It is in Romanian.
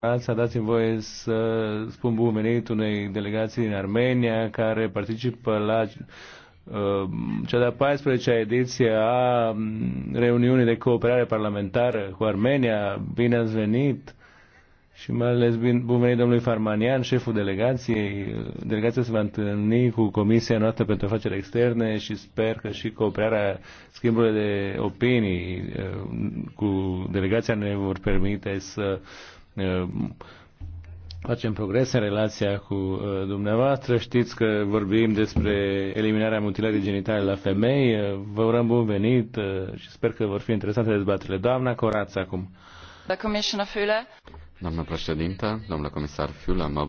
Alța, dați-mi voie să spun bun venit unei delegații din Armenia care participă la uh, cea de-a 14-a ediție a mm, reuniunii de cooperare parlamentară cu Armenia. Bine ați venit! Și mai ales bun venit domnului Farmanian, șeful delegației. Delegația se va întâlni cu Comisia noastră pentru afaceri externe și sper că și cooperarea schimbului de opinii uh, cu delegația ne vor permite să Uh, facem progrese în relația cu uh, dumneavoastră. Știți că vorbim despre eliminarea mutilării genitale la femei. Uh, vă urăm bun venit și sper că vor fi interesante dezbaterile. Doamna Corață acum. Doamna președintă, domnule comisar Fiula, mă